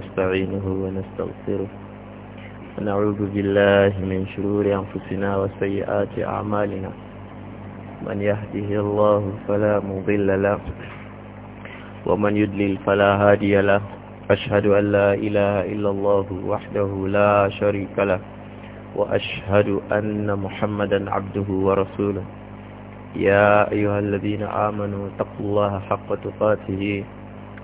ونستعينه ونستغفره ونعوذ بالله من شرور أنفسنا وسيئات أعمالنا من يهده الله فلا مضل له ومن يدلل فلا هادي له أشهد أن لا إله إلا الله وحده لا شريك له وأشهد أن محمدا عبده ورسوله يا أيها الذين آمنوا اتقوا الله حق تقاته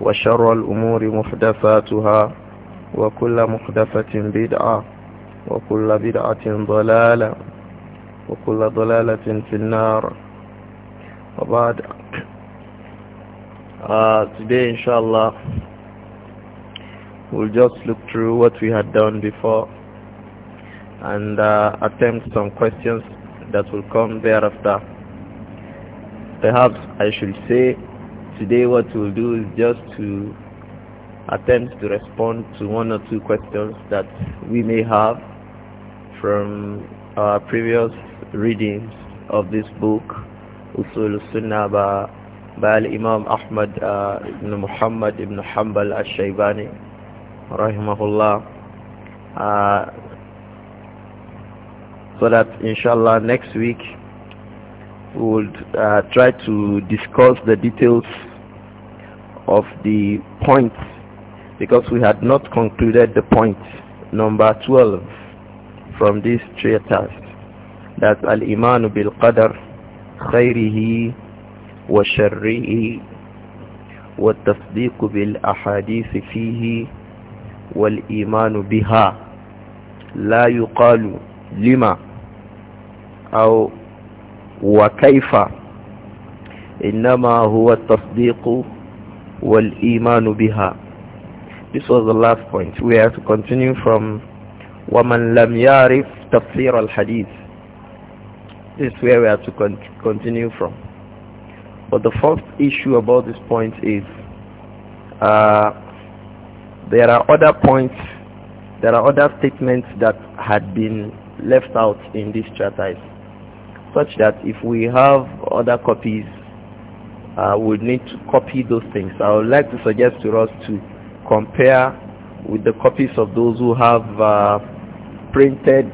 وشر الأمور محدثاتها وكل محدثة بدعة وكل بدعة ضلالة وكل ضلالة في النار وبعد uh, today inshallah we'll just look through what we had done before and uh, attempt some questions that will come thereafter perhaps I should say Today what we'll do is just to attempt to respond to one or two questions that we may have from our previous readings of this book, Usul Sunnah by, by Imam Ahmad uh, ibn Muhammad ibn Hanbal al-Shaybani, rahimahullah. Uh, so that inshallah next week we will uh, try to discuss the details of the point because we had not concluded the point number 12 from this treatise that al-iman bil qadar khayrihi wa sharrihi wa tasdiq bil ahadith fihi wal iman biha la yuqalu lima aw wa kayfa إنما هو التصديق وَالْإِيمَانُ بِهَا This was the last point. We have to continue from وَمَنْ لَمْ يَعْرِفْ تَفْسِيرَ الْحَدِيثِ This is where we have to con continue from. But the first issue about this point is uh, there are other points, there are other statements that had been left out in this treatise, such that if we have other copies uh, would need to copy those things. I would like to suggest to us to compare with the copies of those who have uh, printed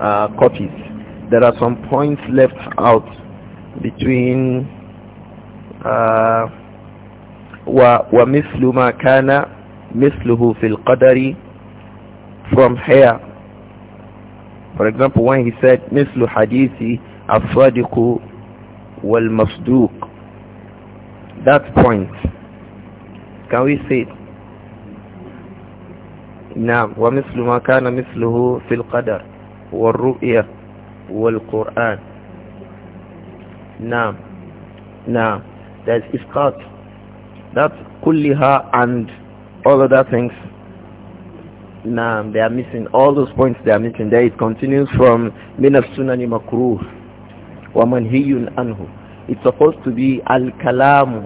uh, copies. There are some points left out between uh, wa ومثل ما كان مثله في القدر from here. For example, when he said hadithi حديث wal masduq that point can we say نعم ومثل ما كان مثله في القدر والرؤية والقرآن نعم نعم that is cut that كلها and all other things نعم they are missing all those points they are missing there it continues from من السنن مكروه ومنهي عنه it's supposed to be al-kalamu.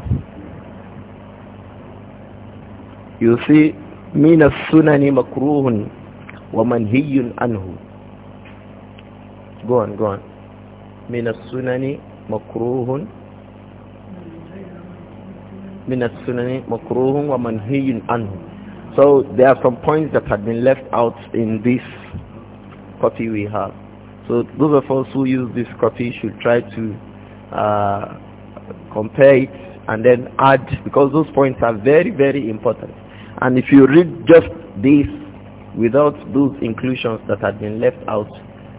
You see, min as-sunani makruhun wa manhiyun anhu. Go on, go on. Min as-sunani makruhun min as-sunani makruhun wa manhiyun anhu. So there are some points that had been left out in this copy we have. So those of us who use this copy should try to uh, compare it and then add because those points are very very important and if you read just this without those inclusions that have been left out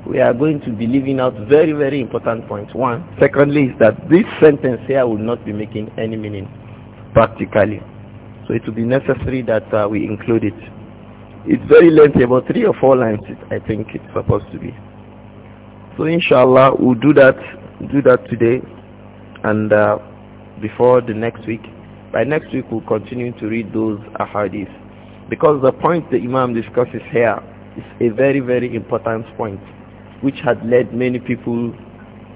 we are going to be leaving out very very important points one secondly is that this sentence here will not be making any meaning practically so it will be necessary that uh, we include it it's very lengthy about three or four lines i think it's supposed to be so inshallah we'll do that do that today and uh, before the next week. By next week we'll continue to read those ahadith because the point the Imam discusses here is a very very important point which had led many people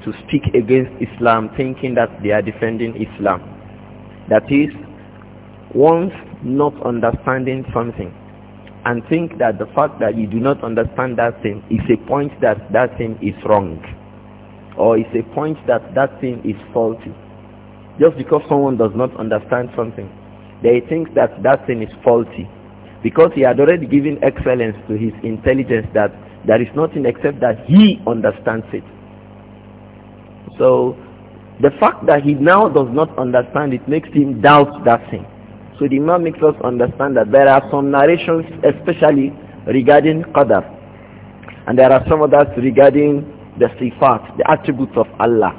to speak against Islam thinking that they are defending Islam. That is, once not understanding something and think that the fact that you do not understand that thing is a point that that thing is wrong or it's a point that that thing is faulty. Just because someone does not understand something, they think that that thing is faulty because he had already given excellence to his intelligence that there is nothing except that he understands it. So the fact that he now does not understand it makes him doubt that thing. So the Imam makes us understand that there are some narrations especially regarding Qadar and there are some others regarding the sifat, the attributes of Allah.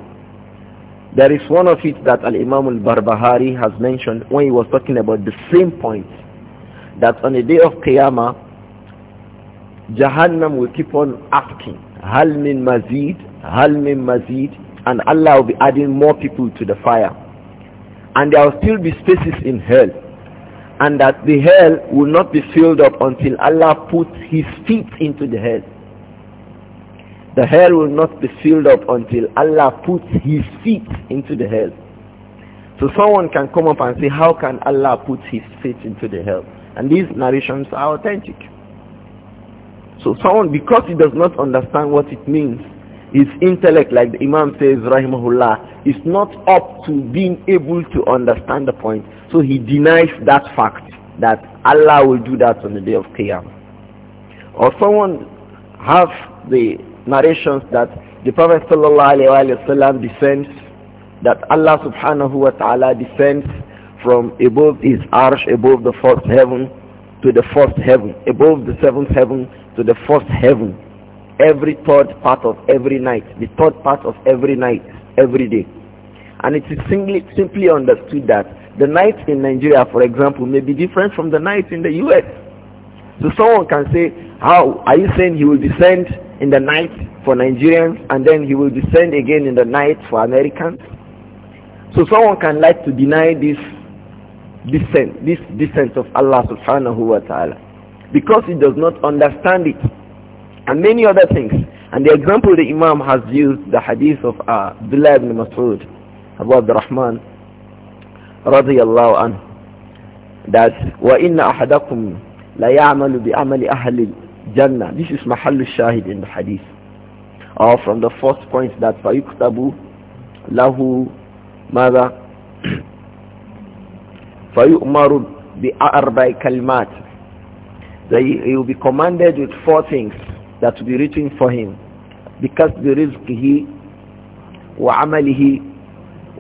There is one of it that Al-Imam al-Barbahari has mentioned when he was talking about the same point, that on the day of Qiyamah, Jahannam will keep on asking, Hal min mazid, Hal min mazid, and Allah will be adding more people to the fire. And there will still be spaces in hell. And that the hell will not be filled up until Allah puts his feet into the hell. The hell will not be filled up until Allah puts his feet into the hell. So someone can come up and say, how can Allah put his feet into the hell? And these narrations are authentic. So someone, because he does not understand what it means, his intellect, like the Imam says, Rahimahullah, is not up to being able to understand the point. So he denies that fact that Allah will do that on the day of Qiyam. Or someone have the narrations that the Prophet ﷺ descends, that Allah subhanahu wa ta'ala descends from above his arsh, above the fourth heaven, to the first heaven, above the seventh heaven, to the first heaven, every third part of every night, the third part of every night, every day. And it is simply, simply understood that the night in Nigeria, for example, may be different from the night in the U.S. So someone can say, how are you saying he will descend in the night for Nigerians and then he will descend again in the night for Americans. So someone can like to deny this descent, this descent of Allah subhanahu wa ta'ala because he does not understand it and many other things. And the example the Imam has used, the hadith of uh, Abdullah ibn Mas'ud, Abu Abdurrahman, radiyallahu anhu, that وَإِنَّ أَحَدَكُمْ لَيَعْمَلُ بِعَمَلِ أَهْلِ Jannah. This is Mahalushaheed Shahid in the hadith. Or from the first point that فَيُكْتَبُ لَهُ Mada فَيُؤْمَرُ bi كَلِمَاتٍ that he will be commanded with four things that will be written for him because the he wa amalihi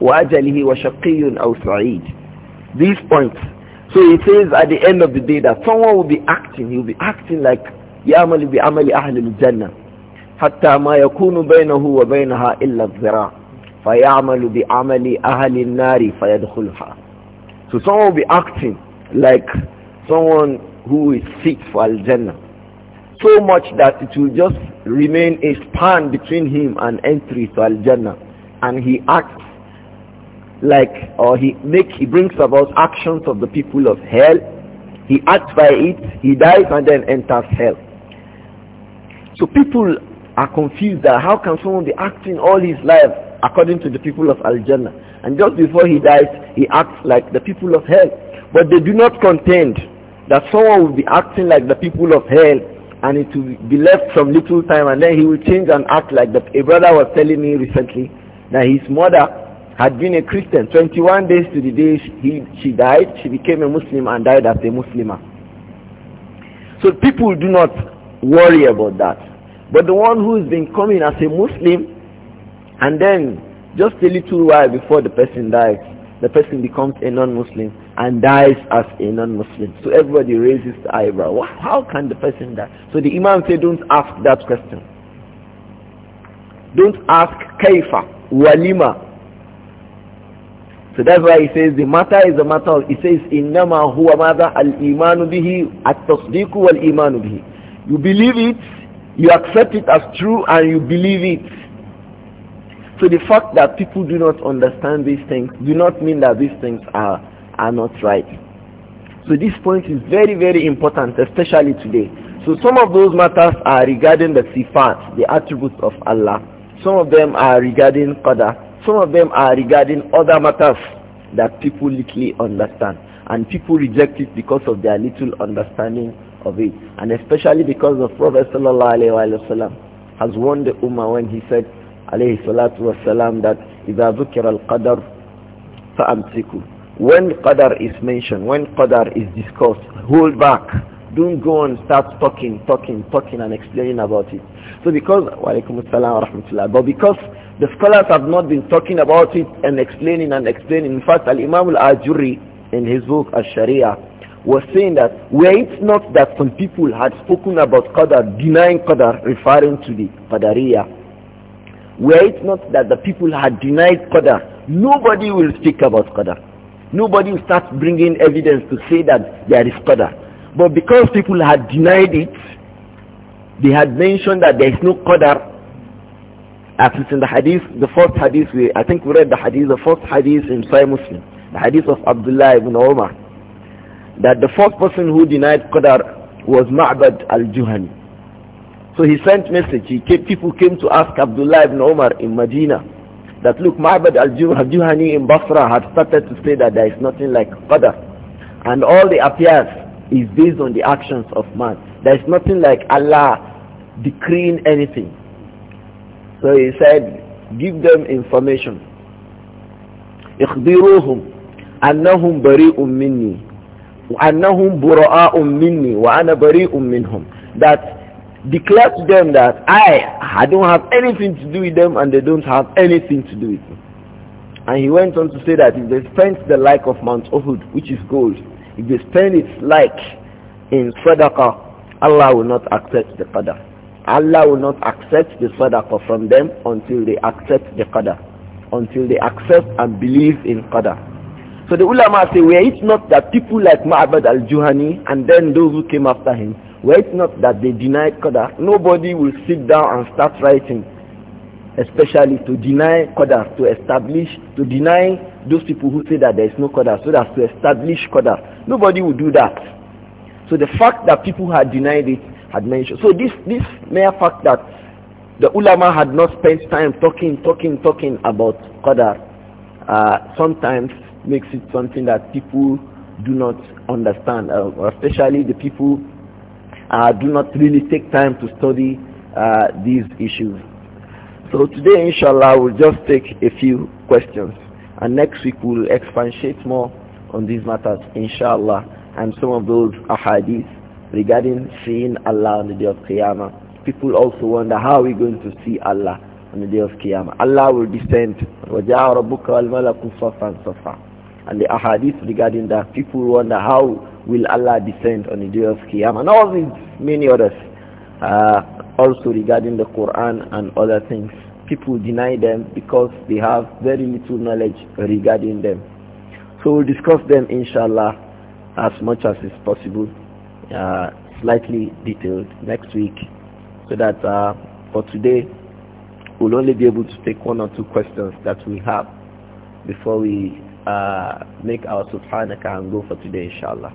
wa ajalihi wa shaqiyyun aw sa'id these points so he says at the end of the day that someone will be acting he will be acting like يعمل بعمل أهل الجنة حتى ما يكون بينه وبينها إلا الذراع فيعمل بعمل أهل النار فيدخلها So someone will be acting like someone who is sick for Al-Jannah. So much that it will just remain a span between him and entry to Al-Jannah. And he acts like, or he make, he brings about actions of the people of hell. He acts by it, he dies and then enters hell. So people are confused that how can someone be acting all his life according to the people of Al-Jannah? And just before he dies, he acts like the people of hell. But they do not contend that someone will be acting like the people of hell and it will be left some little time and then he will change and act like that. A brother was telling me recently that his mother had been a Christian 21 days to the day he, she died. She became a Muslim and died as a Muslimah. So people do not worry about that. But the one who's been coming as a Muslim and then just a little while before the person dies, the person becomes a non-Muslim and dies as a non-Muslim. So everybody raises the eyebrow. How can the person die? So the Imam said, don't ask that question. Don't ask kaifa, walima. So that's why he says the matter is the matter. He says, innama huwa mada al-imanu bihi, at-tasdiku wal-imanu you believe it, you accept it as true, and you believe it. So the fact that people do not understand these things do not mean that these things are, are not right. So this point is very, very important, especially today. So some of those matters are regarding the sifat, the attributes of Allah. Some of them are regarding qadar. Some of them are regarding other matters that people little understand. And people reject it because of their little understanding of it. And especially because the Prophet ﷺ has warned the Ummah when he said, alayhi salatu that إِذَا ذُكِرَ الْقَدَرُ فَأَمْسِكُوا When Qadar is mentioned, when Qadar is discussed, hold back. Don't go and start talking, talking, talking and explaining about it. So because, wa alaykum assalam wa rahmatullah, but because the scholars have not been talking about it and explaining and explaining. In fact, Al-Imam Al-Ajuri in his book Al-Sharia was saying that were it not that some people had spoken about Qadar, denying Qadar, referring to the Qadariya, were it not that the people had denied Qadar, nobody will speak about Qadar. Nobody will start bringing evidence to say that there is Qadar. But because people had denied it, they had mentioned that there is no Qadar, At least in the hadith, the first hadith, we, I think we read the hadith, the first hadith in Sahih Muslim, the hadith of Abdullah ibn Umar that the fourth person who denied Qadar was Ma'bad al-Juhani. So he sent message. He came, people came to ask Abdullah ibn Umar in Medina that look, Ma'bad al-Juhani in Basra had started to say that there is nothing like Qadar. And all the appears is based on the actions of man. There is nothing like Allah decreeing anything. So he said, give them information. اخبروهم أنهم بريء مني وَأَنَّهُمْ بُرَآءٌ wa ana بَرِيءٌ مِنْهُمْ That declare to them that I, I don't have anything to do with them and they don't have anything to do with me. And he went on to say that if they spend the like of Mount Uhud, which is gold, if they spend its like in sadaqah, Allah will not accept the qadr. Allah will not accept the sadaqah from them until they accept the qadr, until they accept and believe in qadr. So the ulama say, were it not that people like Ma'bad al-Juhani and then those who came after him, were it not that they denied Qadar, nobody will sit down and start writing, especially to deny Qadar, to establish, to deny those people who say that there is no Qadar, so that to establish Qadar. Nobody will do that. So the fact that people had denied it had mentioned. So this, this mere fact that the ulama had not spent time talking, talking, talking about Qadar, uh, sometimes makes it something that people do not understand, uh, especially the people uh, do not really take time to study uh, these issues. So today, inshallah, we'll just take a few questions. And next week, we'll expatiate more on these matters, inshallah, and some of those ahadith regarding seeing Allah on the day of Qiyamah. People also wonder how we're going to see Allah on the day of Qiyamah. Allah will descend. وَجَاءَ رَبُّكَ وَالْمَلَكُ صَفًّا صَفًّا and the ahadith regarding that people wonder how will Allah descend on the day of Qiyamah and all these many others uh, also regarding the Quran and other things people deny them because they have very little knowledge regarding them so we'll discuss them inshallah as much as is possible uh, slightly detailed next week so that uh, for today we'll only be able to take one or two questions that we have before we uh, make our subhanaka and go for today inshallah.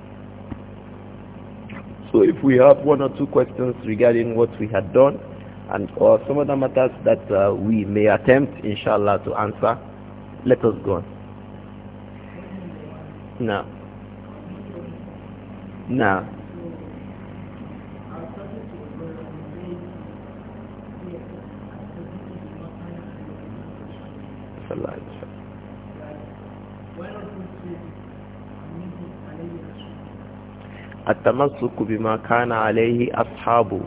So if we have one or two questions regarding what we had done and or some other matters that uh, we may attempt inshallah to answer, let us go on. Now, now, Salah. التمسك بما كان عليه أصحابه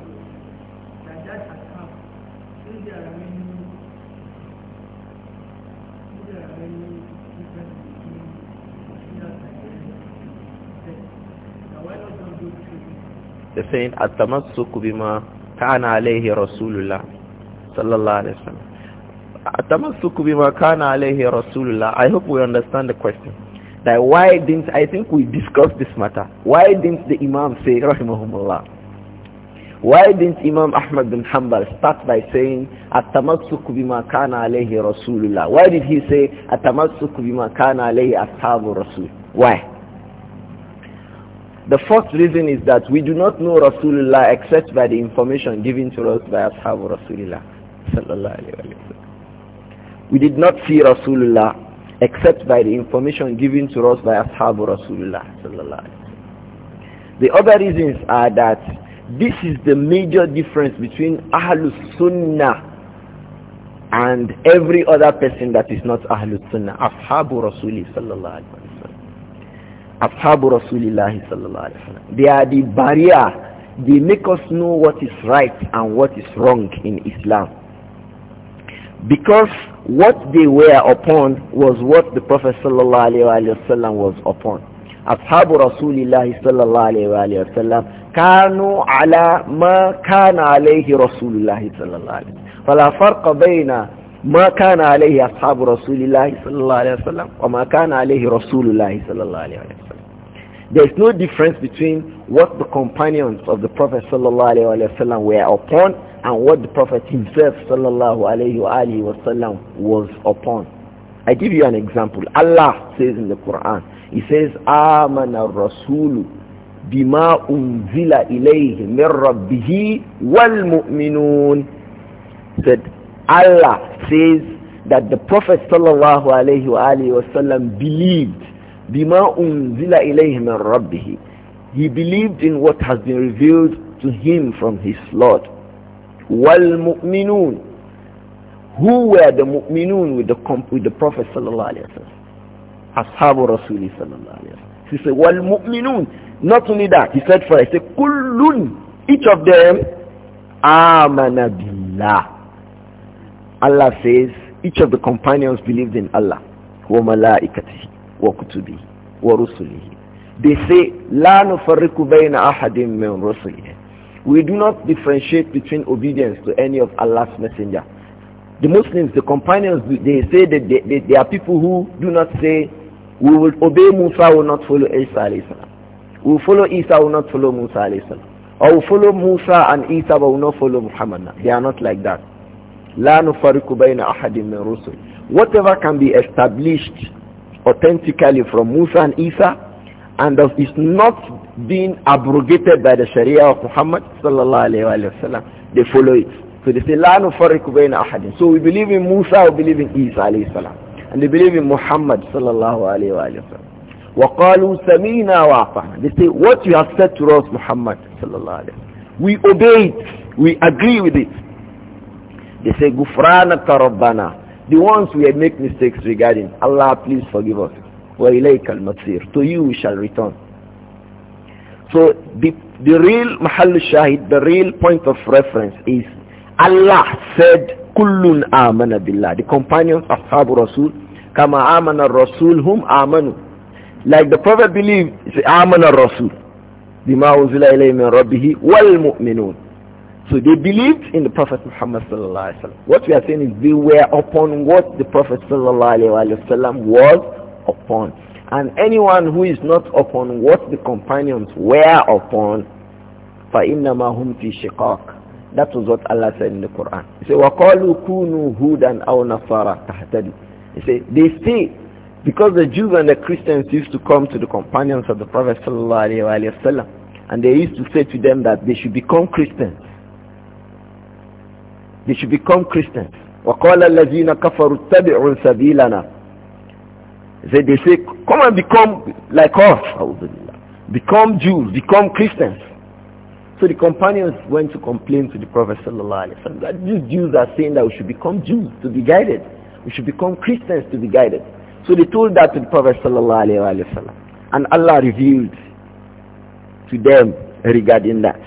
They're saying التمسك بما كان عليه رسول الله صلى الله عليه وسلم التمسك بما كان عليه رسول الله I hope we understand the question that why didn't I think we discussed this matter? Why didn't the Imam say rahimahumullah? Why didn't Imam Ahmad bin Hanbal start by saying at-tamassuk bima kana alayhi rasulullah? Why did he say at-tamassuk bima kana alayhi ashabu rasul? Why? The first reason is that we do not know Rasulullah except by the information given to us by ashabu Rasulullah sallallahu alayhi wa We did not see Rasulullah except by the information given to us by Ashabu Rasulullah The other reasons are that this is the major difference between Ahlus Sunnah and every other person that is not Ahlus Sunnah. Ashabu Rasulullah sallallahu Ashabu Rasulullah sallallahu They are the barrier. They make us know what is right and what is wrong in Islam because what they were upon was what the Prophet ﷺ was upon. أصحاب رسول الله صلى الله عليه وآله وسلم كانوا على ما كان عليه رسول الله صلى الله عليه وسلم فلا فرق بين ما كان عليه أصحاب رسول الله صلى الله عليه وسلم وما كان عليه رسول الله صلى الله عليه وسلم There is no difference between what the companions of the Prophet صلى الله عليه وسلم were upon and what the Prophet himself sallallahu alayhi wasallam was upon. I give you an example. Allah says in the Quran, He says, Amana Rasulu bima unzila ilayhi min wal mu'minun. That Allah says that the Prophet sallallahu alayhi wasallam believed bima unzila ilayhi He believed in what has been revealed to him from his Lord. والمؤمنون who were the mu'minun with the with the prophet sallallahu alaihi wasallam ashabu rasuli sallallahu alaihi wasallam he said wal mu'minun not only that he said for he said kullun each of them amana billah Allah says each of the companions believed in Allah wa malaikatihi wa kutubihi wa rusulihi they say la nufarriqu bayna ahadin min rusulihi we do not differentiate between obedience to any of Allah's messenger. The Muslims, the companions, they say that they, they, they are people who do not say, we will obey Musa, will not follow Isa We will follow Isa, will not follow Musa Or we follow Musa and Isa, but will not follow Muhammad. They are not like that. لا نفرق بين أحد من رسل whatever can be established authentically from Musa and Isa and is not being abrogated by the Sharia of Muhammad sallallahu alayhi wa sallam. They follow it. So they say, La nufariku bayna ahadin. So we believe in Musa, we believe in Isa alayhi salam. And they believe in Muhammad sallallahu alayhi wa sallam. وَقَالُوا سَمِينَا وَعْطَعْنَا They say, what you have said to us, Muhammad sallallahu alayhi wa sallam. We obey it. We agree with it. They say, غُفْرَانَكَ رَبَّنَا The ones we make mistakes regarding, Allah please forgive us. وَإِلَيْكَ الْمَصِيرُ To you we shall return. So the, the real Mahal Shahid, the real point of reference is Allah said, Kullun amana billah. The companions of Sahabu Rasul, Kama amana Rasul hum amanu. Like the Prophet believed, it's amana Rasul. Bima unzila ilayhi min rabbihi wal mu'minun. So they believed in the Prophet Muhammad sallallahu alaihi wasallam. What we are saying is they were upon what the Prophet sallallahu alaihi wasallam was upon. And anyone who is not upon what the companions were upon, فَإِنَّمَا هُمْ فِي شِقَاقٍ That was what Allah said in the Quran. He said, وَقَالُوا كُونُوا هُودًا أَوْ نَصَارًا تَحْتَدِي He said, they say, because the Jews and the Christians used to come to the companions of the Prophet ﷺ, and they used to say to them that they should become Christians. They should become Christians. وَقَالَ الَّذِينَ كَفَرُوا اتَّبِعُوا سَبِيلَنَا they, they say, come and become like us. Become Jews, become Christians. So the companions went to complain to the Prophet ﷺ that these Jews are saying that we should become Jews to be guided. We should become Christians to be guided. So they told that to the Prophet ﷺ. And Allah revealed to them regarding that.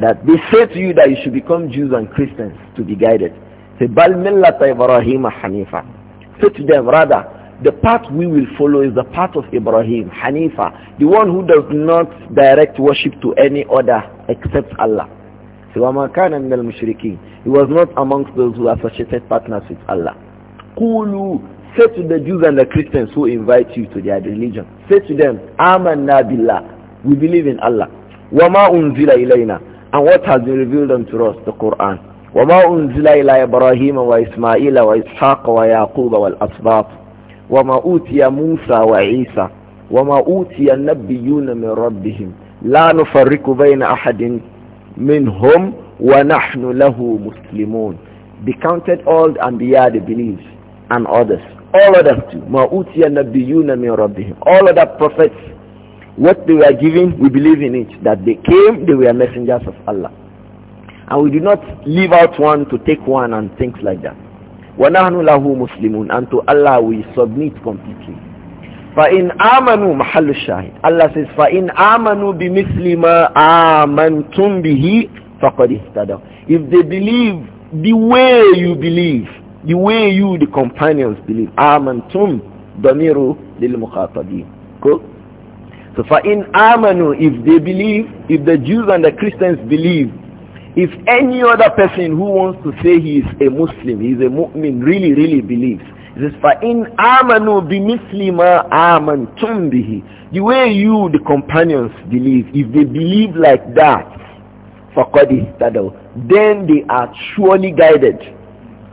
That they say to you that you should become Jews and Christians to be guided. Say, بَلْ مِلَّةَ إِبْرَاهِيمَ Hanifa." Say to them, rather, the path we will follow is the path of Ibrahim, Hanifa, the one who does not direct worship to any other except Allah. He was not amongst those who associated partners with Allah. Kulu, say to the Jews and the Christians who invite you to their religion, say to them, Amanna billah, we believe in Allah. Wama unzila ilayna, and what has been revealed unto us, the Quran. unzila ila Ibrahim وما wa Ishaq wa Ya'qub wa al والأسباط وما أوتي موسى وعيسى وما أوتي النبيون من ربهم لا نفرق بين أحد منهم ونحن له مسلمون They counted all the Anbiya they believers, and others. All of them too. ما أوتي النبيون من ربهم. All other prophets, what they were given, we believe in it. That they came, they were messengers of Allah. And we do not leave out one to take one and things like that. وَنَحْنُ لَهُ مُسْلِمُونَ And to Allah we submit completely. فَإِنْ آمَنُوا مَحَلُّ الشَّاهِدِ Allah says, فَإِنْ آمَنُوا بِمِثْلِ مَا آمَنْتُمْ بِهِ فَقَدْ اهْتَدَوْا If they believe the way you believe, the way you, the companions believe, آمَنْتُمْ ضَمِيرُ لِلْمُخَاطَبِينَ Cool? So فَإِنْ amanu. If they believe, if the Jews and the Christians believe, if any other person who wants to say he is a Muslim, he is a mu'min, really, really believes, he says, فَإِنْ آمَنُوا بِمِثْلِ مَا آمَنْتُمْ بِهِ The way you, the companions, believe, if they believe like that, فَقَدْ اِهْتَدَوْا Then they are surely guided.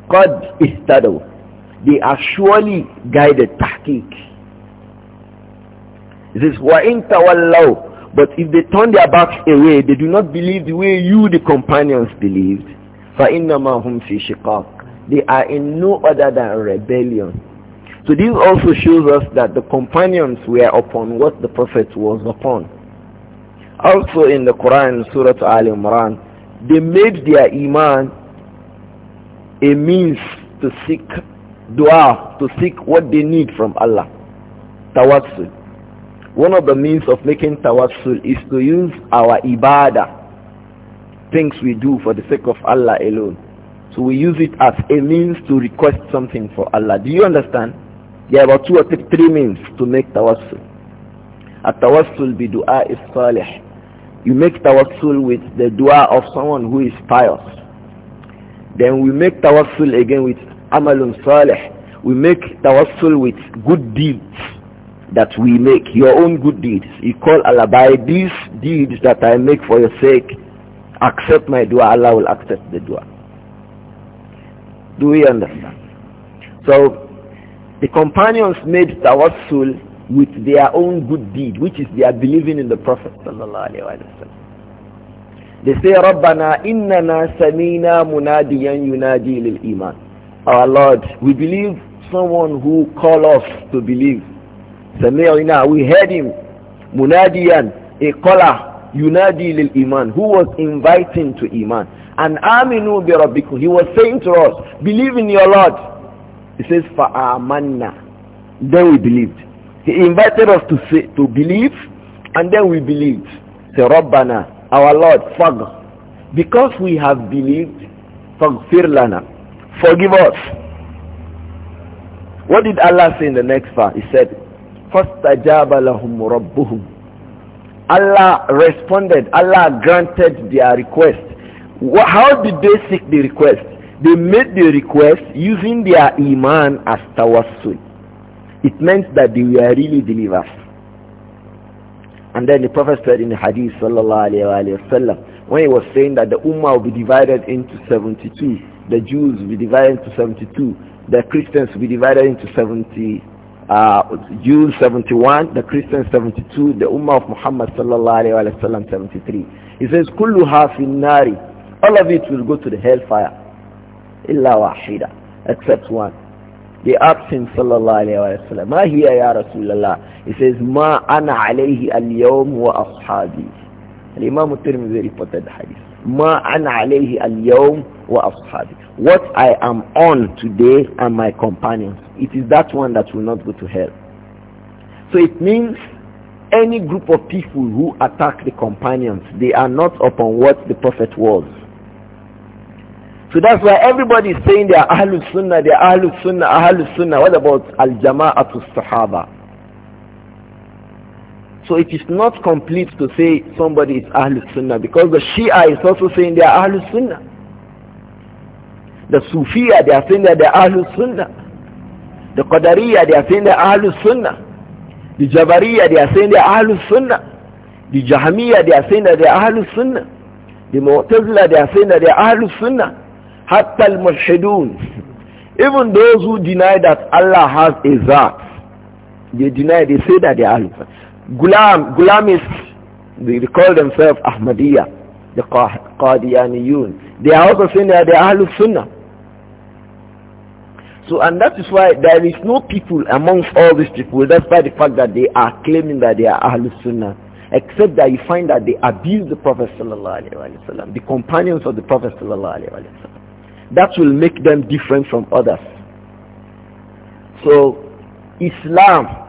قَدْ اِهْتَدَوْا They are surely guided. تَحْقِيق This is وَإِنْ تَوَلَّوْا but if they turn their backs away, they do not believe the way you, the companions, believed. فَإِنَّمَا هُمْ فِي شِقَاقٍ They are in no other than rebellion. So this also shows us that the companions were upon what the Prophet was upon. Also in the Quran, Surah Al Imran, they made their Iman a means to seek dua, to seek what they need from Allah. Tawassul. One of the means of making tawassul is to use our ibadah, things we do for the sake of Allah alone. So we use it as a means to request something for Allah. Do you understand? There are about two or three means to make tawassul. A tawassul bi du'a is salih. You make tawassul with the dua of someone who is pious. Then we make tawassul again with amalun salih. We make tawassul with good deeds that we make, your own good deeds. You call Allah by these deeds that I make for your sake, accept my dua, Allah will accept the dua. Do we understand? So the companions made tawassul with their own good deed, which is their believing in the Prophet They say, Rabbana innana samina munadiyan yunadi lil iman. Our Lord, we believe someone who call us to believe Sami'ina, we heard him. Munadiyan, a caller, Yunadi lil Iman, who was inviting to Iman. And Aminu bi Rabbikum, he was saying to us, believe in your Lord. He says, manna." Then we believed. He invited us to say, to believe, and then we believed. Say, Rabbana, our Lord, Fag. Because we have believed, Fagfir lana. Forgive us. What did Allah say in the next verse? He said, فَاسْتَجَابَ لَهُمْ رَبُّهُمْ Allah responded, Allah granted their request. How did they seek the request? They made the request using their iman as tawassul. It meant that they were really believers. And then the Prophet said in the Hadith sallallahu alayhi wa sallam, when he was saying that the Ummah will be divided into 72, the Jews will be divided into 72, the Christians will be divided into 70, uh, Jews 71, the Christians 72, the Ummah of Muhammad sallallahu alayhi wa sallam 73. He says, Kullu hafin nari, All of it will go to the hellfire. illa waḥida, Except one. The asked him sallallahu alayhi wa sallam, مَا هِيَ يَا رَسُولَ He says, "Ma انا أَنَا عَلَيْهِ الْيَوْمُ وَأَصْحَابِي Al-Imam al-Tirmidhi reported the hadith. مَا أَنَا عَلَيْهِ الْيَوْمُ وَأَصْحَابِي what I am on today and my companions. It is that one that will not go to hell. So it means any group of people who attack the companions, they are not upon what the Prophet was. So that's why everybody is saying they are Ahlul Sunnah, they are Ahlul Sunnah, Ahlul Sunnah. What about Al-Jama'atul Sahaba? So it is not complete to say somebody is Ahlul Sunnah because the Shia is also saying they are Ahlul Sunnah. The Sufiya, they are saying that they are Ahlul Sunnah. The Qadariya, they are saying they are Ahlul Sunnah. The Jabariya, they are saying they are Ahlul Sunnah. The Jahamiya, they are saying that they are Ahlul Sunnah. The Mu'tazila, they are saying that they are Ahlul Sunnah. Hatta al-Mulhidun. Even those who deny that Allah has a Zat, they deny, they say that they are Ahlul Sunnah. Gulam, Gulamists, they, call themselves Ahmadiyya, the Qadiyaniyun. They are also saying that they are Ahlul Sunnah. So, and that is why there is no people amongst all these people, That's why the fact that they are claiming that they are Ahlul Sunnah, except that you find that they abuse the Prophet Sallallahu Alaihi Wasallam, the companions of the Prophet Sallallahu Alaihi Wasallam. That will make them different from others. So, Islam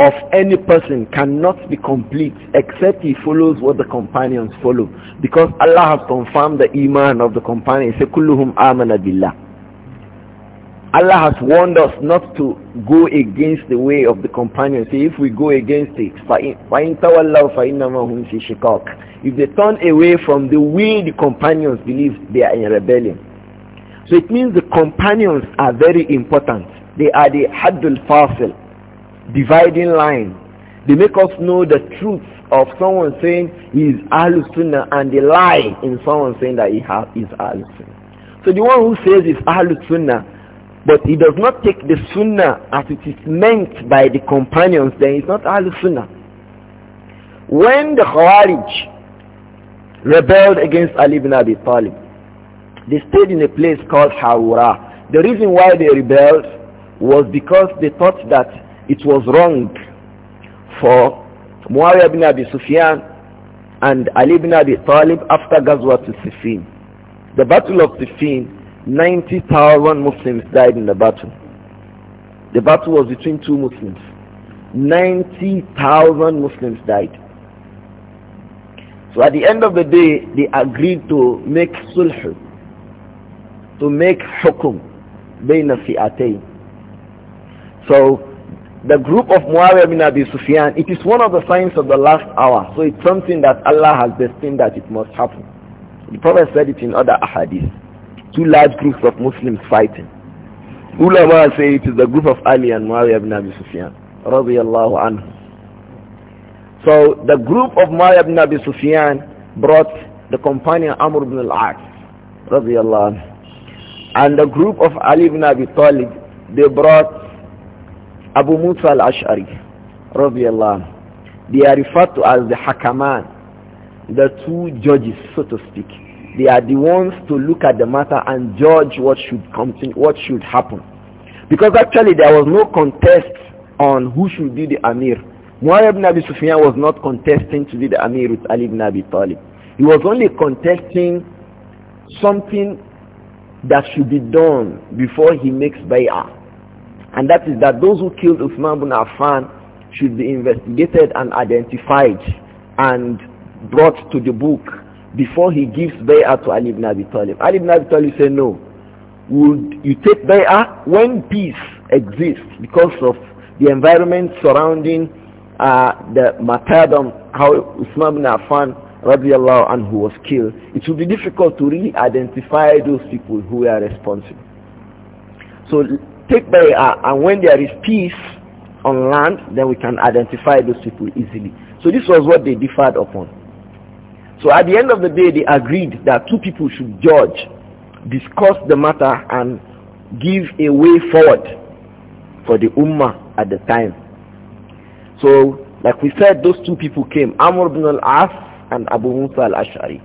of any person cannot be complete except he follows what the companions follow. Because Allah has confirmed the iman of the companions. Say, Allah has warned us not to go against the way of the companions. See, if we go against it, if they turn away from the way the companions believe, they are in rebellion. So it means the companions are very important. They are the haddul fasil, dividing line. They make us know the truth of someone saying he is Ahlul Sunnah and the lie in someone saying that he is Ahlul Sunnah. So the one who says he's al Sunnah but he does not take the sunnah as it is meant by the companions, then it's not al sunnah. When the Khawarij rebelled against Ali ibn Abi Talib, they stayed in a place called Hawra. The reason why they rebelled was because they thought that it was wrong for Muawiyah ibn Abi Sufyan and Ali ibn Abi Talib after Ghazwat al Siffin. The Battle of Siffin 90,000 Muslims died in the battle. The battle was between two Muslims. 90,000 Muslims died. So at the end of the day, they agreed to make sulh, to make hukum, bayna fi'atayn. So the group of Muawiyah bin Abi Sufyan, it is one of the signs of the last hour. So it's something that Allah has destined that it must happen. The Prophet said it in other ahadith two large groups of Muslims fighting. Ulama say it is the group of Ali and Muawiyah ibn Abi Sufyan. Radiallahu anhu. So the group of Muawiyah ibn Abi Sufyan brought the companion Amr ibn al-As. Radiallahu anhu. And the group of Ali ibn Abi Talib, they brought Abu Musa al-Ash'ari. Radiallahu anhu. They are referred to as the Hakaman, the two judges, so to speak. They are the ones to look at the matter and judge what should continue, what should happen. Because actually there was no contest on who should be the Amir. Muawiyah ibn Abi Sufyan was not contesting to be the Amir with Ali ibn Abi Talib. He was only contesting something that should be done before he makes bay'ah. And that is that those who killed Uthman ibn Affan should be investigated and identified and brought to the book before he gives bay'ah to Ali ibn Abi Talib. Ali ibn Abi Talib said, no, would you take bay'ah when peace exists because of the environment surrounding uh, the martyrdom, how Usman ibn Affan radiallahu anhu was killed. It would be difficult to really identify those people who are responsible. So take bay'ah and when there is peace on land, then we can identify those people easily. So this was what they differed upon. So at the end of the day, they agreed that two people should judge, discuss the matter, and give a way forward for the Ummah at the time. So, like we said, those two people came, Amr ibn al-As and Abu Musa al-Ash'ari.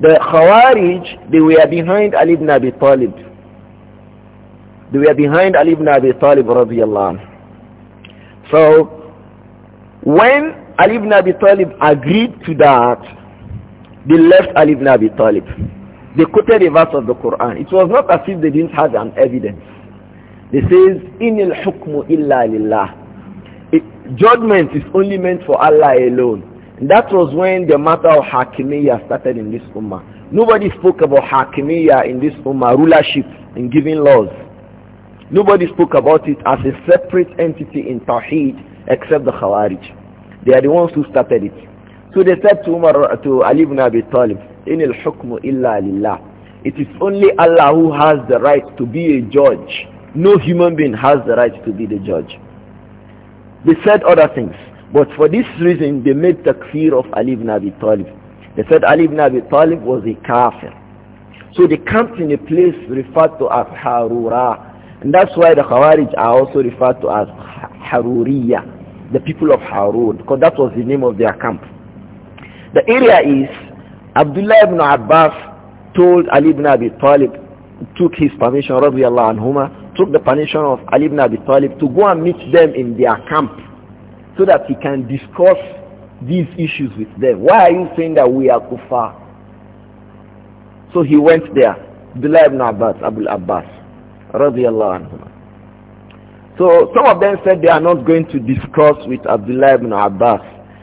The Khawarij, they were behind Ali ibn Abi Talib. They were behind Ali ibn Abi Talib radiallahu anhu. So, when Ali ibn Abi Talib agreed to that, they left Ali ibn Abi Talib. They quoted a verse of the Quran. It was not as if they didn't have an evidence. They says, "In il hukmu illa lillah." judgment is only meant for Allah alone. And that was when the matter of hakimiyya started in this ummah. Nobody spoke about hakimiyya in this ummah, rulership and giving laws. Nobody spoke about it as a separate entity in Tawheed except the Khawarij. They are the ones who started it. So they said to Umar, to Ali ibn Abi Talib, in al-hukmu illa lillah. It is only Allah who has the right to be a judge. No human being has the right to be the judge. They said other things. But for this reason, they made takfir of Ali ibn Abi Talib. They said Ali ibn Abi Talib was a kafir. So they camped in a place referred to as Harura. And that's why the Khawarij are also referred to as Haruriya, the people of Harur, because that was the name of their camp. The area is Abdullah ibn Abbas told Ali ibn Abi Talib, took his permission, radiallahu anhuma, took the permission of Ali ibn Abi Talib to go and meet them in their camp so that he can discuss these issues with them. Why are you saying that we are kuffar? So he went there, Abdullah ibn Abbas, Abul Abbas, radiallahu anhuma. So some of them said they are not going to discuss with Abdullah ibn Abbas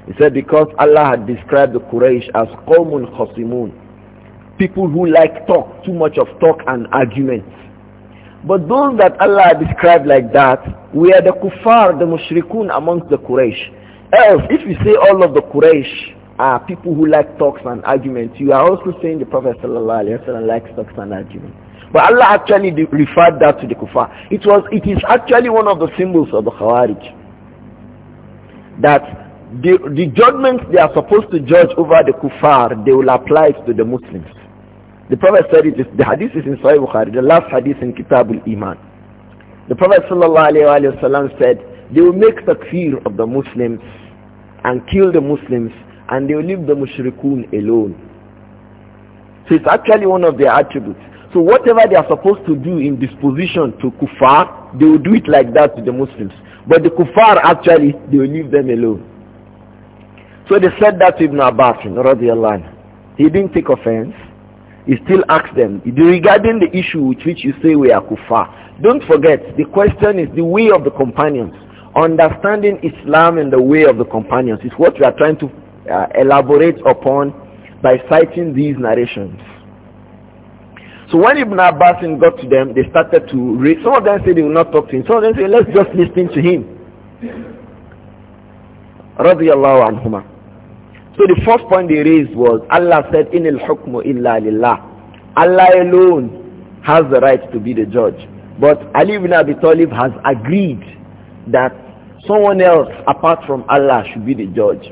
he said because Allah had described the Quraysh as Qawmun Khasimun, people who like talk, too much of talk and arguments. But those that Allah described like that were the kuffar, the mushrikun amongst the Quraysh. Else, if you say all of the Quraysh are people who like talks and arguments, you are also saying the Prophet ﷺ likes talks and arguments. But Allah actually referred that to the kuffar. It was, it is actually one of the symbols of the Khawarij. That the, the judgment they are supposed to judge over the kuffar, they will apply it to the Muslims. The Prophet said it is, the hadith is in Sahih Bukhari, the last hadith in Kitabul iman The Prophet ﷺ said, they will make takfir of the Muslims and kill the Muslims and they will leave the mushrikun alone. So it's actually one of their attributes. So whatever they are supposed to do in disposition to kuffar, they will do it like that to the Muslims. But the kuffar actually, they will leave them alone. So they said that to Ibn Abbas, radiallahu anhu. He didn't take offense. He still asked them, regarding the issue with which you say we are kuffar, don't forget, the question is the way of the companions. Understanding Islam and the way of the companions is what we are trying to uh, elaborate upon by citing these narrations. So when Ibn Abbas got to them, they started to read. Some of them said they will not talk to him. Some of them said, let's just listen to him. رضي الله عنهما so the first point they raised was Allah said, In al hukmu illa lillah. Allah alone has the right to be the judge. But Ali ibn Abi Talib has agreed that someone else apart from Allah should be the judge.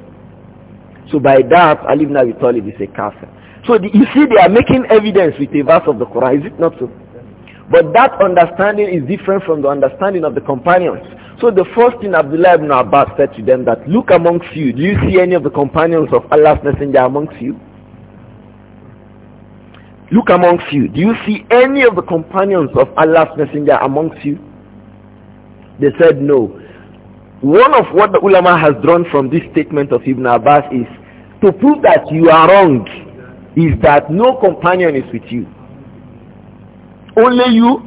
So by that, Ali ibn Abi Talib is a kafir. So the, you see they are making evidence with a verse of the Quran, is it not so? But that understanding is different from the understanding of the companions. So the first thing Abdullah ibn Abbas said to them that, look amongst you, do you see any of the companions of Allah's messenger amongst you? Look amongst you, do you see any of the companions of Allah's messenger amongst you? They said no. One of what the ulama has drawn from this statement of Ibn Abbas is, to prove that you are wrong, is that no companion is with you. Only you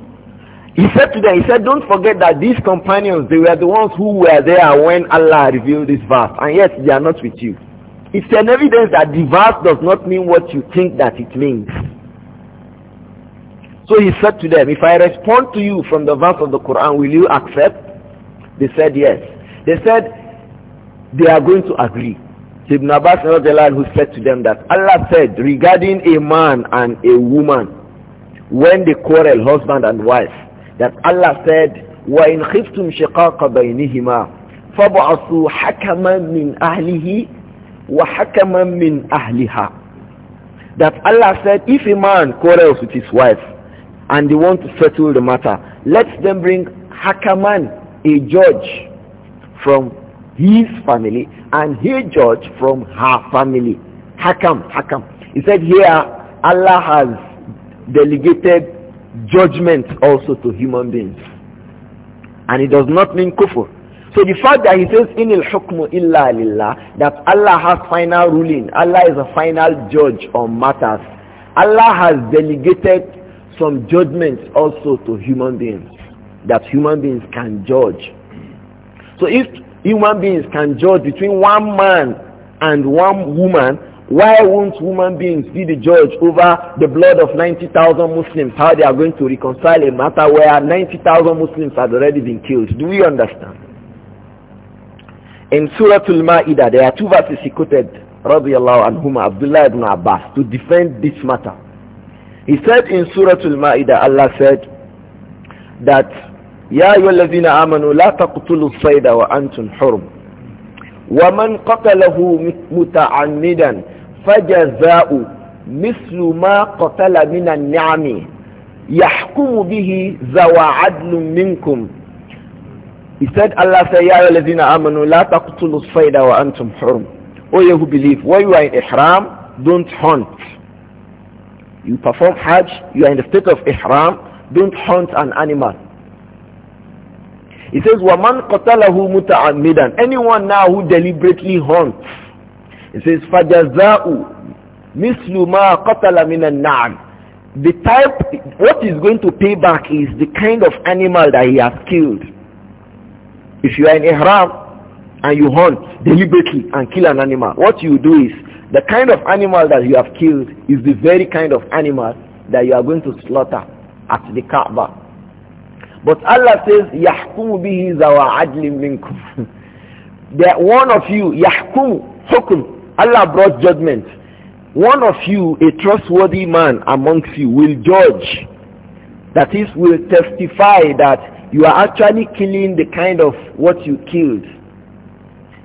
he said to them, he said, don't forget that these companions, they were the ones who were there when Allah revealed this verse. And yet they are not with you. It's an evidence that the verse does not mean what you think that it means. So he said to them, if I respond to you from the verse of the Quran, will you accept? They said yes. They said they are going to agree. Ibn Abbas who said to them that Allah said regarding a man and a woman, when they quarrel, husband and wife, that Allah said وَإِنْ خِفْتُمْ شِقَاقَ بَيْنِهِمَا فَبْعَثُوا حَكَمًا مِنْ أَهْلِهِ وَحَكَمًا مِنْ أَهْلِهَا that Allah said if a man quarrels with his wife and they want to settle the matter let them bring hakaman a judge from his family and he judge from her family hakam hakam he said here Allah has delegated judgment also to human beings. And it does not mean kufr. So the fact that he says in al hukmu illa lillah that Allah has final ruling, Allah is a final judge on matters. Allah has delegated some judgments also to human beings that human beings can judge. So if human beings can judge between one man and one woman, why won't human beings be the judge over the blood of 90,000 Muslims, how they are going to reconcile a matter where 90,000 Muslims have already been killed? Do we understand? In Surah Al-Ma'idah, there are two verses he quoted, radiallahu anhuma, Abdullah ibn Abbas, to defend this matter. He said in Surah Al-Ma'idah, Allah said that, يَا أَيُّهَا الَّذِينَ آمَنُوا لَا تَقْتُلُوا الصَّيْدَ وَأَنْتُمْ حُرُمٌ وَمَنْ قَتَلَهُ مُتَعَمِّدًا فجزاء مثل ما قتل من النعم يحكم به ذوى عدل منكم He said, Allah say, Ya ayyuhallazina amanu la taqtulu as-sayda wa antum hurum. O you who believe, when you are in ihram, don't hunt. You perform hajj, you are in the state of ihram, don't hunt an animal. He says, "Wa man qatalahu muta'ammidan." Anyone now who deliberately hunts it says, فَجَزَاءُ مِثْلُ مَا قَتَلَ مِنَ النَّعَمِ the type what is going to pay back is the kind of animal that he has killed if you are in ihram and you hunt deliberately and kill an animal what you do is the kind of animal that you have killed is the very kind of animal that you are going to slaughter at the Kaaba but Allah says yahkumu bihi zawa adlin minkum that one of you yahkumu hukum Allah brought judgment. One of you, a trustworthy man amongst you, will judge. That is, will testify that you are actually killing the kind of what you killed.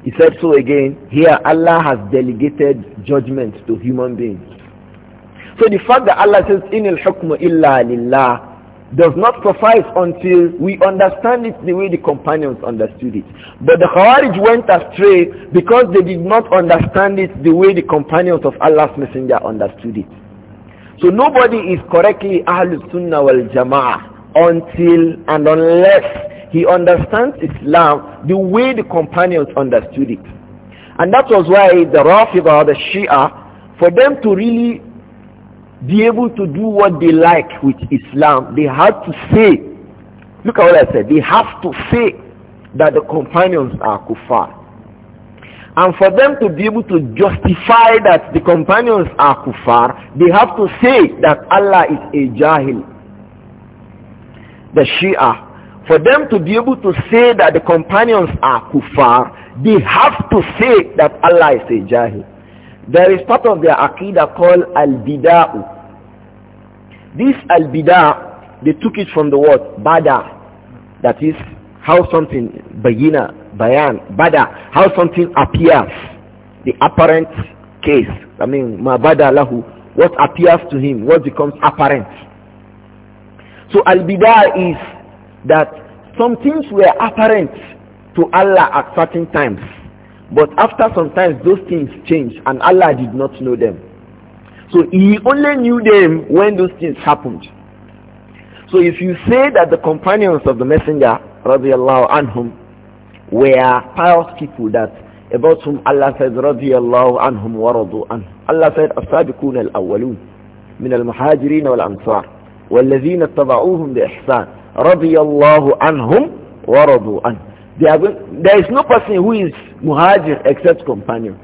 He said so again. Here, Allah has delegated judgment to human beings. So the fact that Allah says, in al-hukmu illa lillah, does not suffice until we understand it the way the companions understood it. But the Khawarij went astray because they did not understand it the way the companions of Allah's Messenger understood it. So nobody is correctly Ahlul Sunnah wal Jama'ah until and unless he understands Islam the way the companions understood it. And that was why the Rafida, the Shia, for them to really be able to do what they like with Islam, they had to say, look at what I said, they have to say that the companions are kuffar. And for them to be able to justify that the companions are kuffar, they have to say that Allah is a jahil. The Shia. For them to be able to say that the companions are kuffar, they have to say that Allah is a jahil. There is part of their aqidah called al-bida'u. This al-bida' they took it from the word bada, that is how something bayina, bayan, bada, how something appears, the apparent case. I mean, ma bada lahu, what appears to him, what becomes apparent. So al-bida' is that some things were apparent to Allah at certain times but after some time, those things changed and Allah did not know them. So he only knew them when those things happened. So if you say that the companions of the messenger, radiallahu anhum, were pious people that about whom Allah said, radiallahu anhum waradu anhum. Allah said, السابقون الأولون من المهاجرين والأنصار والذين اتبعوهم بإحسان رضي الله عنهم ورضوا عنه Going, there is no person who is muhajir except companion.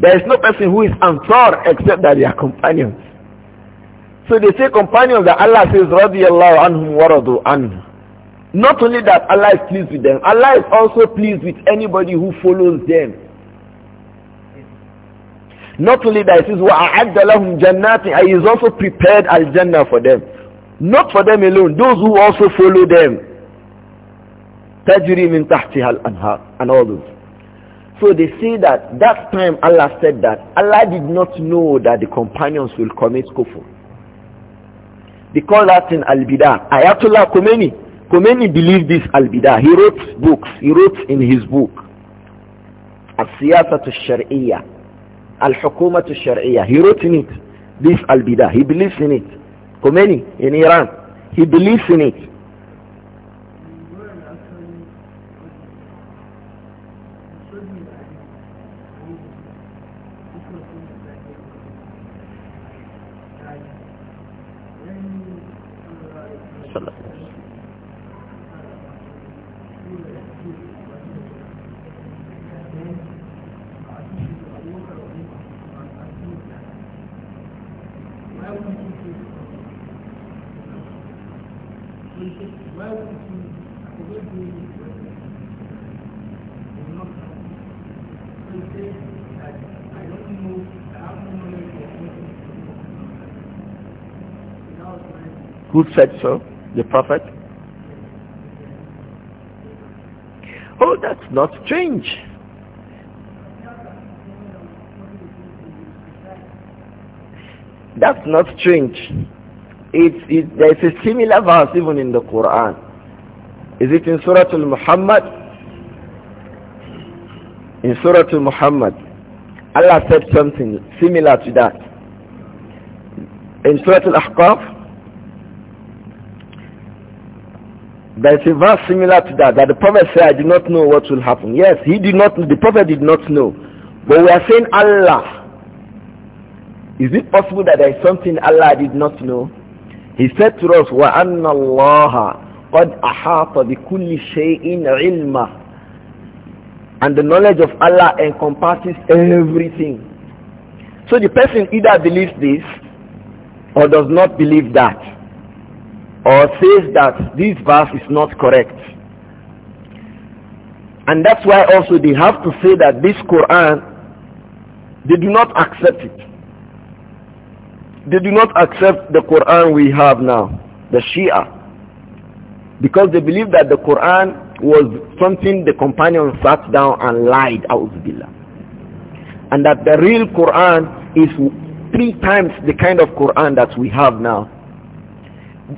There is no person who is ansar except that they are companions. So they say companions that Allah says radiyallahu anhum waradu anhu. Not only that Allah is pleased with them, Allah is also pleased with anybody who follows them. Not only that, it says وَأَعَدَّ لَهُمْ He is also prepared al-jannah for them. Not for them alone, those who also follow them. تَجْرِي مِن تَحْتِهَا الْأَنْهَارِ and all those. So they say that that time Allah said that Allah did not know that the companions will commit kufr. They call that in al-bidah. Ayatollah Khomeini. Khomeini believed this al-bidah. He wrote books. He wrote in his book. Al-siyasatu al-shar'iyya. Al-hukumatu al-shar'iyya. He wrote in it. This al-bidah. He believes in it. Khomeini in Iran. He believes in it. Who said so? The prophet? Oh, that's not strange. That's not strange. It's, it, there's a similar verse even in the Quran. Is it in Surah Al-Muhammad? In Surah Al-Muhammad, Allah said something similar to that. In Surah Al-Ahqaf, There is a verse similar to that, that the prophet said, I did not know what will happen. Yes, he did not, the prophet did not know. But we are saying Allah. Is it possible that there is something Allah did not know? He said to us, Allah, Qad قَدْ bi kulli shay'in ilma, And the knowledge of Allah encompasses everything. So the person either believes this or does not believe that or says that this verse is not correct. And that's why also they have to say that this Quran, they do not accept it. They do not accept the Quran we have now, the Shia, because they believe that the Quran was something the companions sat down and lied out billah. And that the real Quran is three times the kind of Quran that we have now.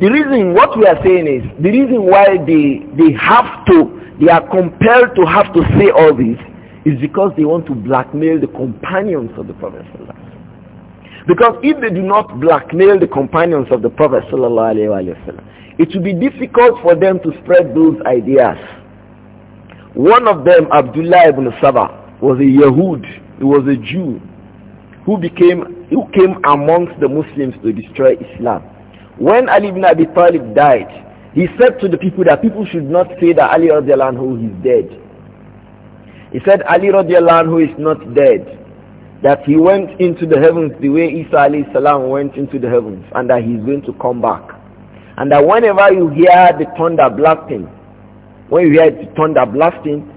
The reason what we are saying is the reason why they they have to they are compelled to have to say all this is because they want to blackmail the companions of the Prophet. Because if they do not blackmail the companions of the Prophet wasallam, it will be difficult for them to spread those ideas. One of them, Abdullah ibn Saba, was a Yahud. He was a Jew who became who came amongst the Muslims to destroy Islam. When Ali ibn Abi Talib died, he said to the people that people should not say that Ali radiallahu anhu is dead. He said Ali radiallahu anhu is not dead that he went into the heavens the way Isa salam went into the heavens and that he's going to come back. And that whenever you hear the thunder blasting, when you hear the thunder blasting,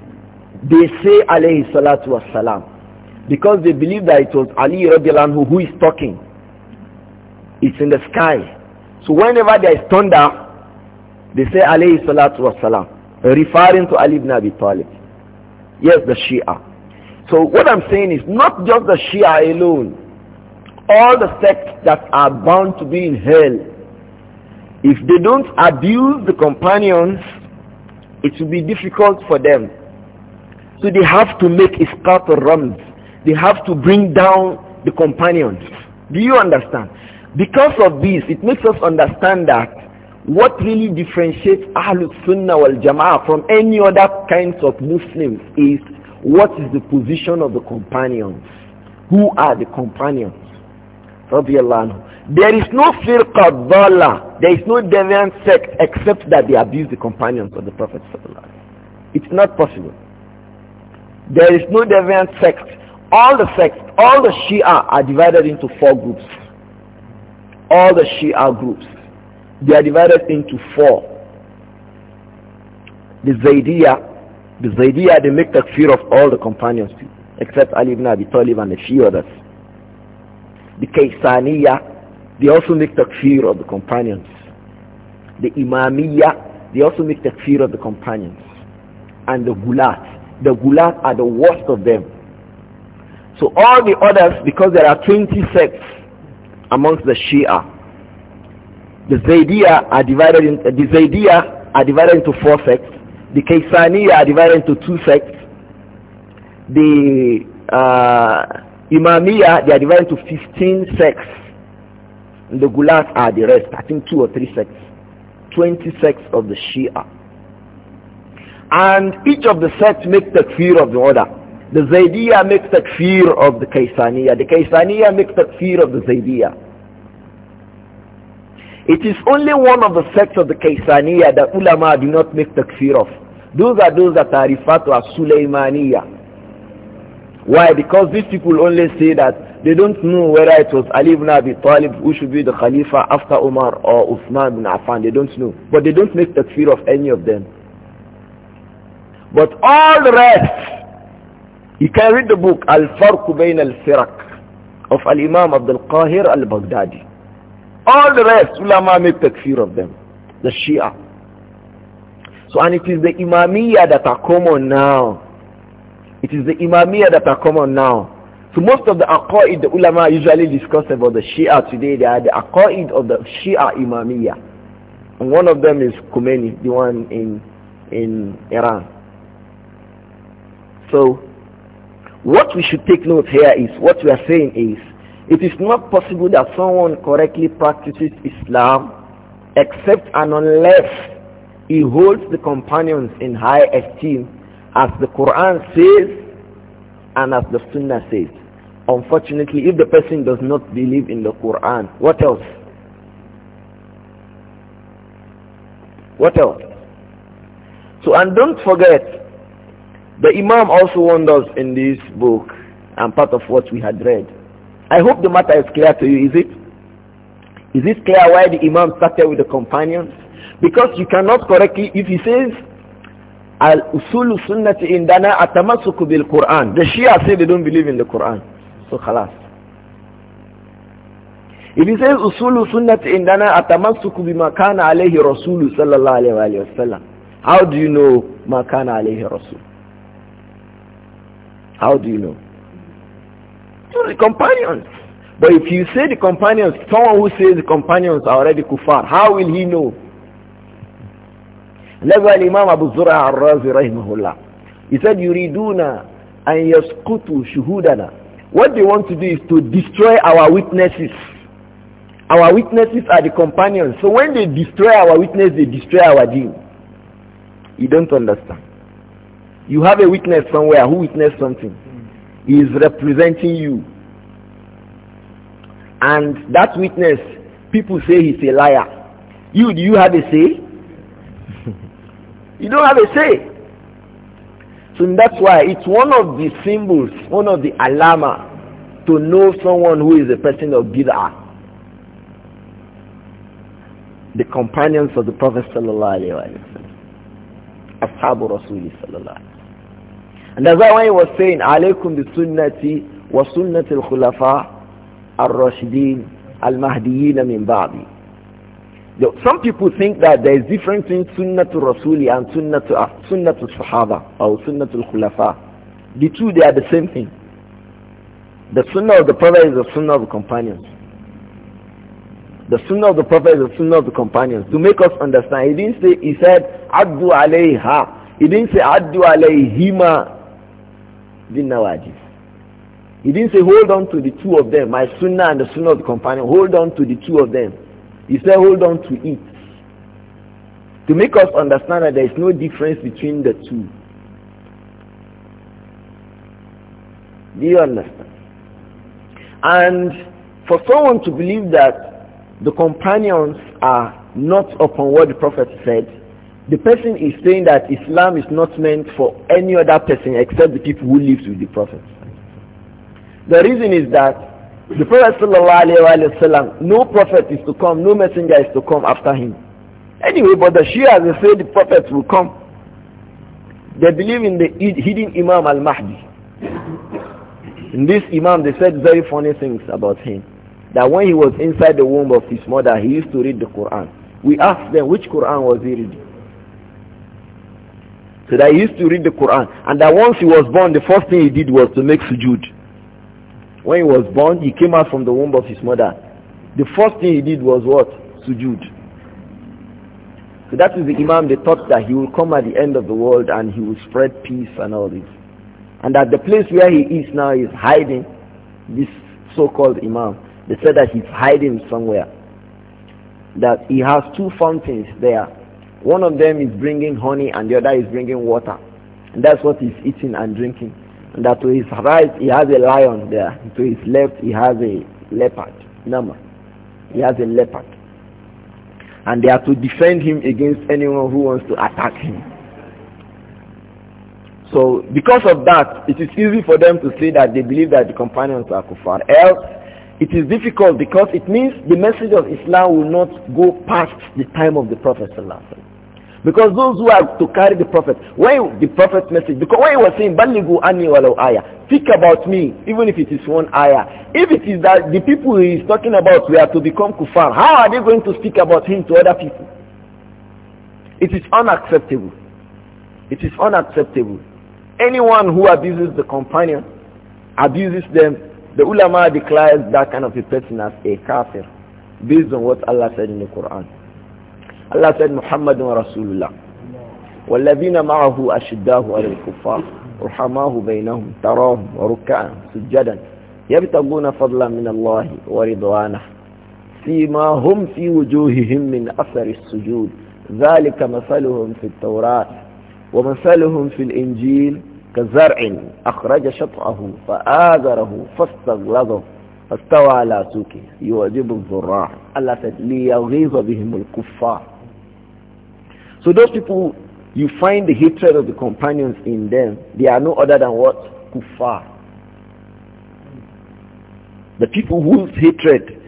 they say alayhi salatu wassalam. Because they believe that it was Ali radiallahu who is talking. It's in the sky. So whenever there is thunder, they say alayhi salatu wassalam. Referring to Ali ibn Abi Talib. Yes, the Shia. So what I'm saying is not just the Shia alone, all the sects that are bound to be in hell, if they don't abuse the companions, it will be difficult for them. So they have to make isqat rams. They have to bring down the companions. Do you understand? Because of this, it makes us understand that what really differentiates Ahlul Sunnah wal Jama'ah from any other kinds of Muslims is what is the position of the companions? Who are the companions? There is no firqa dhalla. There is no deviant sect except that they abuse the companions of the Prophet It's not possible. There is no deviant sect. All the sects, all the Shia are divided into four groups. All the Shia groups. They are divided into four. The Zaydiyah, the Zaydiyah, they make takfir of all the companions except Ali ibn Abi Talib and a few others. The Kaysaniyah, they also make takfir of the companions. The Imamiyah, they also make takfir of the companions. And the Gulat. The Gulat are the worst of them. So all the others, because there are 20 sects amongst the Shia, the Zaydiyah are divided in, the Zaydiyah are divided into four sects. The Kaysaniya are divided into two sects. The uh, they are divided into 15 sects. And the Gulat are the rest, I think two or three sects. 20 sects of the Shia. And each of the sects makes the fear of the other. The Zaydiya makes the fear of the Kaysaniya. The Kaysaniya makes the fear of the Zaydiya. It is only one of the sects of the Kaysaniya that ulama do not make takfir of. Those are those that are referred to as Suleimania. Why? Because these people only say that they don't know whether it was Ali ibn Abi Talib who should be the Khalifa after Umar or Uthman ibn Affan. They don't know. But they don't make the fear of any of them. But all the rest, you can read the book Al-Farq Bayn al firak of Al-Imam Abdul Qahir Al-Baghdadi. All the rest, ulama make takfir of them. The Shia, so, and it is the imamiya that are common now. It is the imamiya that are common now. So most of the aqa'id the ulama usually discuss about the Shia today, they are the aqa'id of the Shia imamiya. And one of them is Khomeini, the one in, in Iran. So, what we should take note here is, what we are saying is, it is not possible that someone correctly practices Islam except and unless he holds the companions in high esteem as the Quran says and as the Sunnah says. Unfortunately, if the person does not believe in the Quran, what else? What else? So, and don't forget, the Imam also warned us in this book and part of what we had read. I hope the matter is clear to you, is it? Is it clear why the Imam started with the companions? Because you cannot correctly, if he says, al usul sunnati indana atamasuku bil Quran. The Shia say they don't believe in the Quran. So khalas. If he says usul sunnati indana atamasuku bima kana alayhi rasulu sallallahu alayhi wa sallam. How do you know ma kana alayhi rasul? How do you know? To the companions. But if you say the companions, someone who says the companions are already kufar, how will he know? Level Imam Abu Zura al-Razi rahimahullah. He said, Yuriduna an yaskutu shuhudana. What they want to do is to destroy our witnesses. Our witnesses are the companions. So when they destroy our witness, they destroy our deen. You don't understand. You have a witness somewhere who witnessed something. He is representing you. And that witness, people say he's a liar. You, do you have a say? You don't have a say. So that's why it's one of the symbols, one of the alama to know someone who is a person of bid'ah. The companions of the Prophet sallallahu alaihi wasallam, sallallahu. And that's why when he was saying, "Alaykum bi sunnati wa sunnati al-khulafa al-rashidin al-mahdiyyin min ba'di." Some people think that there is difference between Sunnah to Rasuli and Sunnah to, uh, sunnah to Sahaba or Sunnah to Khulafa. The two, they are the same thing. The Sunnah of the Prophet is the Sunnah of the companions. The Sunnah of the Prophet is the Sunnah of the companions. To make us understand, he didn't say, he said, Addu alayha. He didn't say, Addu alayhima dinawajis. He didn't say, hold on to the two of them, my Sunnah and the Sunnah of the companion. Hold on to the two of them. He said, hold on to it. To make us understand that there is no difference between the two. Do you understand? And for someone to believe that the companions are not upon what the Prophet said, the person is saying that Islam is not meant for any other person except the people who lived with the Prophet. The reason is that the Prophet wasallam, no prophet is to come, no messenger is to come after him. Anyway, but the Shia, they say the prophets will come. They believe in the hidden Imam al-Mahdi. In this Imam, they said very funny things about him. That when he was inside the womb of his mother, he used to read the Quran. We asked them, which Quran was he reading? So that he used to read the Quran. And that once he was born, the first thing he did was to make sujood. When he was born, he came out from the womb of his mother. The first thing he did was what? Sujud. So that is the Imam, they thought that he will come at the end of the world and he will spread peace and all this. And that the place where he is now is hiding, this so-called Imam. They said that he's hiding somewhere. That he has two fountains there. One of them is bringing honey and the other is bringing water. And that's what he's eating and drinking that to his right he has a lion there. To his left he has a leopard. man, He has a leopard. And they are to defend him against anyone who wants to attack him. So because of that, it is easy for them to say that they believe that the companions are kuffar. Else, it is difficult because it means the message of Islam will not go past the time of the Prophet Sallallahu because those who are to carry the prophet, when the prophet's message, because when he was saying, Baligu ani walau ayah, think about me, even if it is one ayah. If it is that the people he is talking about are to become kufar, how are they going to speak about him to other people? It is unacceptable. It is unacceptable. Anyone who abuses the companion, abuses them, the ulama declares that kind of a person as a kafir, based on what Allah said in the Quran. سيد محمد ورسول الله والذين معه أشداه على الكفار رحماه بينهم تراهم وركعا سجدا يبتغون فضلا من الله ورضوانه فيما هم في وجوههم من أثر السجود ذلك مثلهم في التوراة ومثلهم في الإنجيل كزرع أخرج شطعه فآذره فاستغلظه فاستوى على سوكه يعجب الزراع ألا ليغيظ بهم الكفار So those people, you find the hatred of the companions in them. They are no other than what? Kuffar. The people whose hatred,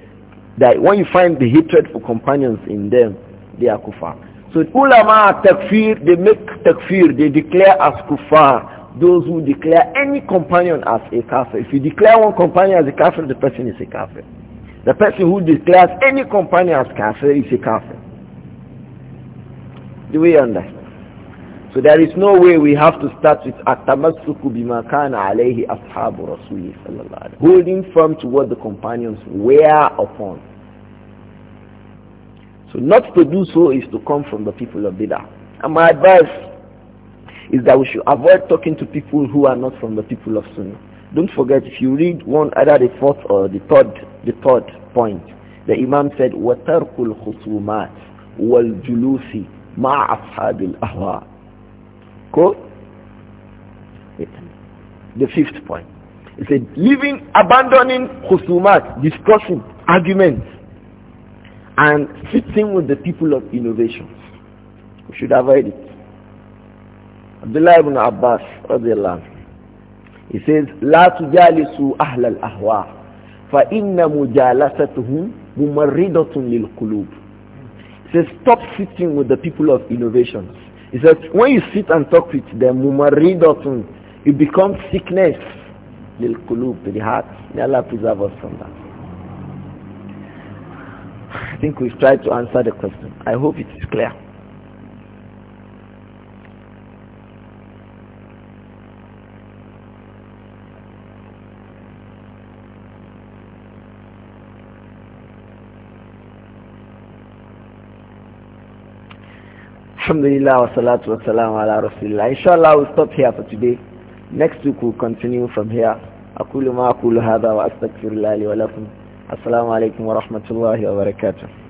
that when you find the hatred for companions in them, they are kuffar. So ulama takfir, they make takfir, they declare as kuffar those who declare any companion as a kafir. If you declare one companion as a kafir, the person is a kafir. The person who declares any companion as kafir is a kafir. Do we understand? So there is no way we have to start with atamassuku bima kana alayhi ashabu rasulih sallallahu Holding firm to what the companions were upon. So not to do so is to come from the people of Bidah. And my advice is that we should avoid talking to people who are not from the people of Sunnah. Don't forget, if you read one, either the fourth or the third, the third point, the Imam said, وَتَرْكُ الْخُصُومَاتِ وَالْجُلُوسِ مع أصحاب الأهواء cool the fifth point He said leaving abandoning khusumat discussing arguments and sitting with the people of innovations we should avoid it Abdullah ibn Abbas radiallahu he says لا تجالسوا أهل الأهواء فإن مجالستهم ممرضة للقلوب says, stop sitting with the people of innovations. He says, when you sit and talk with them, mumaridatun, you become sickness. Lil kulub, the heart. May Allah preserve us from that. I think we've tried to answer the question. I hope it is clear. Alhamdulillah wa salatu wa salam ala rasulillah. Inshallah we'll stop here for today. Next week we'll continue from here. أقول ما أقول هذا وأستغفر الله لي ولكم السلام عليكم ورحمة الله وبركاته